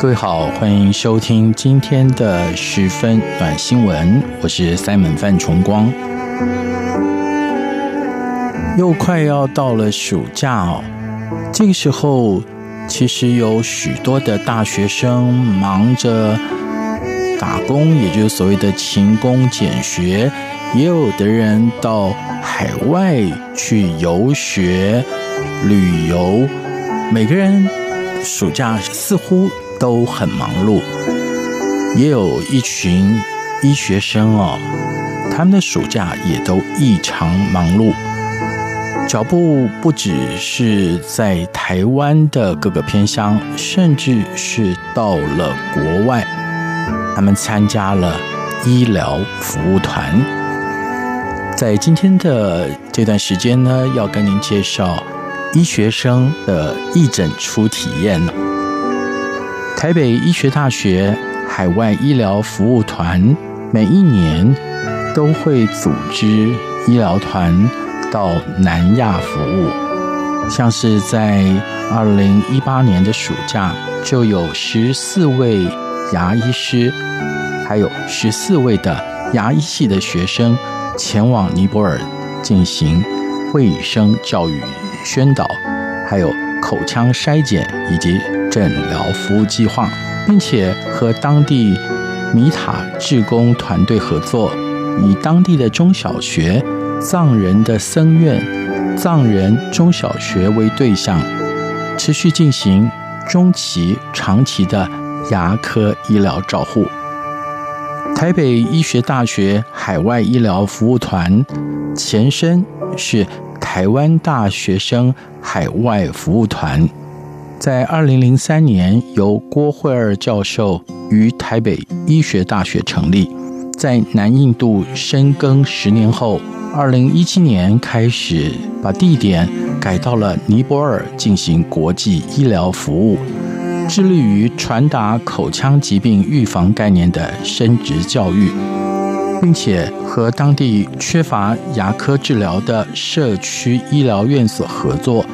各位好，歡迎收聽今天的十分短新聞，我是賽門范崇光。又快要到了暑假哦，這個時候其實有許多的大學生忙着打工，也就是所謂的勤工儉學；也有的人到海外去遊學、旅遊。每個人暑假似乎都很忙碌，也有一群醫學生哦，他們的暑假也都異常忙碌，腳步不只是在台灣的各個偏鄉，甚至是到了國外，他們參加了醫療服務團，在今天的這段時間呢，要跟您介紹醫學生的義診初體驗。台北醫學大學海外醫療服務團每一年都會組織醫療團到南亞服務，像是在二零一八年的暑假，就有十四位牙醫師，還有十四位的牙醫系的學生前往尼泊爾進行衛生教育宣導，還有口腔篩檢以及。診療服務計劃，並且和當地米塔志工團隊合作，以當地的中小學、藏人的僧院、藏人中小學為對象，持續進行中期、長期的牙科醫療照護。台北醫學大學海外醫療服務團，前身是台灣大學生海外服務團。在二零零三年，由郭惠兒教授於台北醫學大學成立。在南印度深耕十年後，二零一七年開始把地點改到了尼泊爾進行國際醫療服務，致力於傳達口腔疾病預防概念的升職教育，並且和當地缺乏牙科治療的社區醫療院所合作。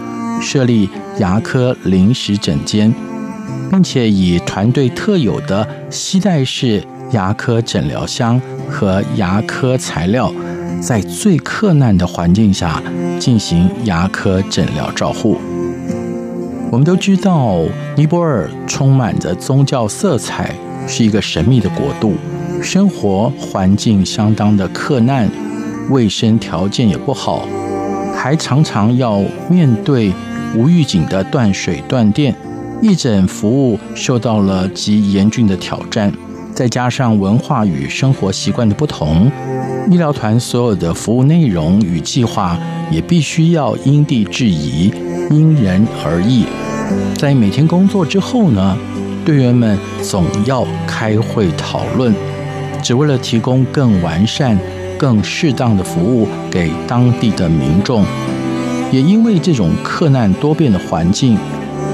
設立牙科臨時診間，並且以團隊特有的攜帶式牙科診療箱和牙科材料，在最克難的環境下進行牙科診療照護。我們都知道，尼泊爾充滿着宗教色彩，是一個神秘的國度，生活環境相當的克難，衛生條件也不好。還常常要面對無預警的斷水斷電，義診服務受到了極嚴峻的挑戰。再加上文化與生活習慣的不同，醫療團所有的服務內容與計劃也必須要因地制宜、因人而異。在每天工作之後呢，隊員們總要開會討論，只為了提供更完善，更適當的服務給當地的民眾，也因為這種困難多變的環境，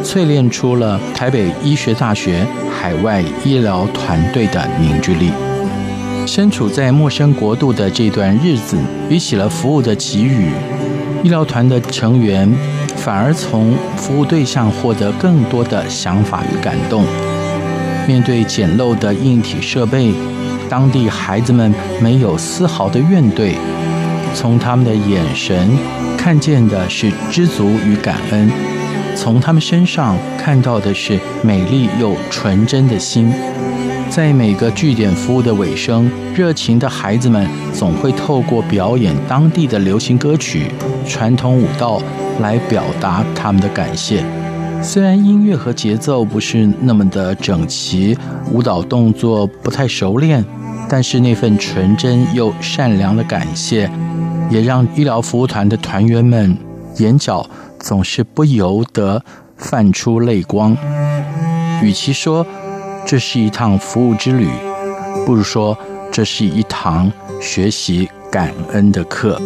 淬煉出了台北醫學大學海外醫療團隊的凝聚力。身處在陌生國度的這段日子，比起了服務的給予，醫療團的成員反而從服務對象獲得更多的想法與感動。面對簡陋的硬體設備。當地孩子們沒有絲毫的怨懟，從他們的眼神看見的是知足與感恩，從他們身上看到的是美麗又純真的心。在每個據點服務的尾聲，熱情的孩子們總會透過表演當地的流行歌曲、傳統舞蹈來表達他們的感謝。雖然音樂和節奏不是那麼的整齊，舞蹈動作不太熟練。但是那份純真又善良的感謝，也讓醫療服務團的團員們眼角總是不由得泛出淚光。與其說這是一趟服務之旅，不如說這是一堂學習感恩的課。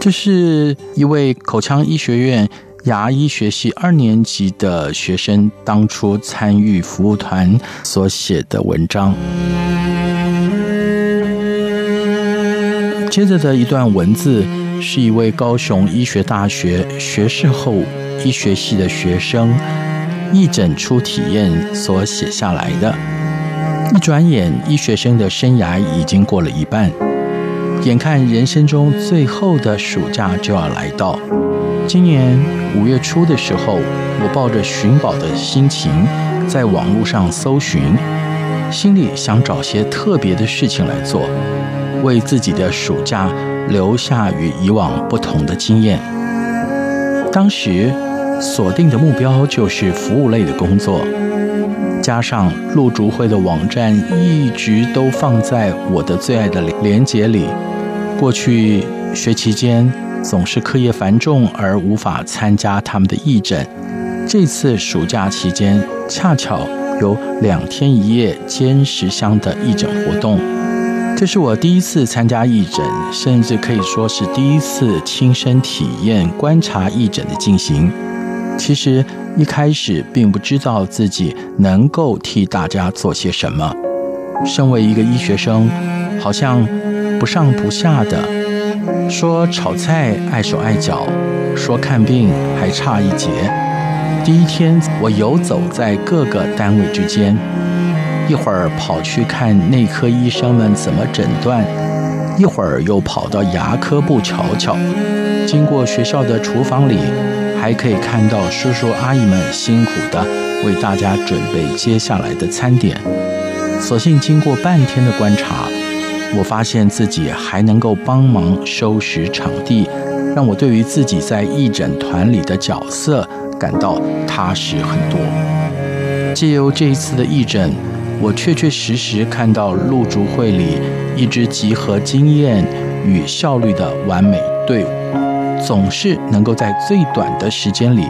這是一位口腔醫學院牙醫學系二年級的學生，當初參與服務團所寫的文章。接着的一段文字，是一位高雄醫學大學學士後醫學系的學生義診初體驗所寫下來的。一轉眼，醫學生的生涯已經過了一半，眼看人生中最後的暑假就要來到。今年五月初的時候，我抱着尋寶的心情，在網絡上搜尋，心裡想找些特別的事情來做。為自己的暑假留下與以往不同的經驗。當時鎖定的目標就是服務類的工作，加上陸竹會的網站一直都放在我的最愛的連結裡。過去學期間總是課業繁重而無法參加他們的義診，這次暑假期間恰巧有兩天一夜尖石鄉的義診活動。這是我第一次參加義診，甚至可以說是第一次親身體驗觀察義診的進行。其實一開始並不知道自己能夠替大家做些什麼。身為一個醫學生，好像不上不下的，說炒菜礙手礙腳，說看病還差一截。第一天，我游走在各個單位之間。一會兒跑去看內科醫生們怎麼診斷，一會兒又跑到牙科部瞧瞧。經過學校的廚房裡，還可以看到叔叔阿姨們辛苦地為大家準備接下來的餐點。所幸經過半天的觀察，我發現自己還能夠幫忙收拾場地，讓我對於自己在義診團裡的角色感到踏實很多。借由這一次的義診。我確確實實看到路竹會裡一支集合經驗與效率的完美隊伍，總是能夠在最短的時間裡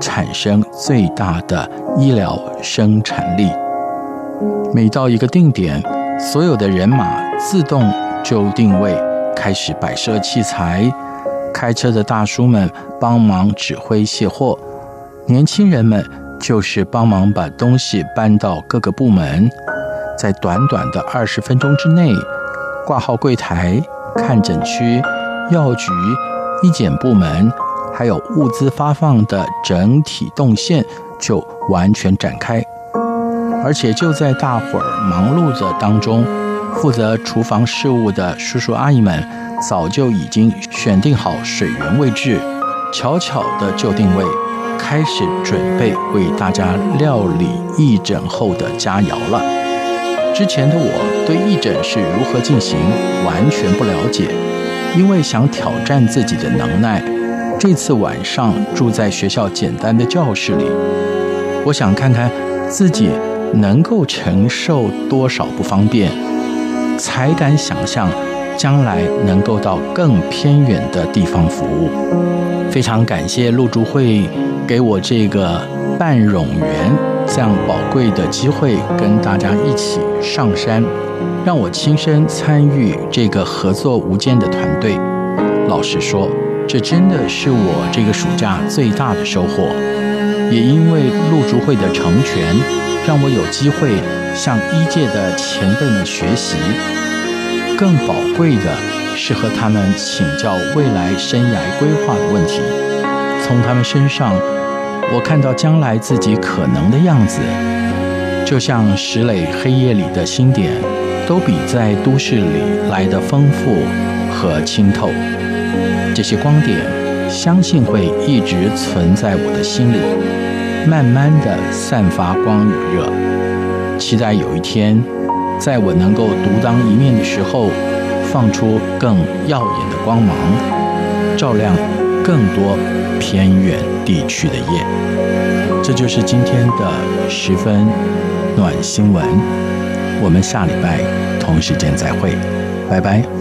產生最大的醫療生產力。每到一個定點，所有的人馬自動就定位，開始擺設器材，開車的大叔們幫忙指揮卸貨，年輕人們。就是幫忙把東西搬到各個部門，在短短的二十分鐘之內，掛號櫃檯、看診區、藥局、醫檢部門，還有物資發放的整體動線就完全展開。而且就在大夥兒忙碌的當中，負責廚房事務的叔叔阿姨們早就已經選定好水源位置，悄悄地就定位，開始準備為大家料理義診後的佳肴了。之前的我對義診是如何進行，完全不了解，因為想挑戰自己的能耐。這次晚上住在學校簡單的教室裡，我想看看自己能夠承受多少不方便，才敢想象。將來能夠到更偏遠的地方服務，非常感謝路竹會給我這個半冗員這樣寶貴的機會，跟大家一起上山，讓我親身參與這個合作無間的團隊。老實說，這真的是我這個暑假最大的收穫。也因為路竹會的成全，讓我有機會向一屆的前輩們學習。更寶貴的是和他們請教未來生涯規劃的問題，從他們身上，我看到將來自己可能的樣子，就像石磊黑夜裡的星點，都比在都市裡來得豐富和清透。這些光點，相信會一直存在我的心裡，慢慢的散發光與熱，期待有一天。在我能夠獨當一面的時候，放出更耀眼的光芒，照亮更多偏遠地區的夜。這就是今天的十分暖新聞，我們下禮拜同時間再會，拜拜。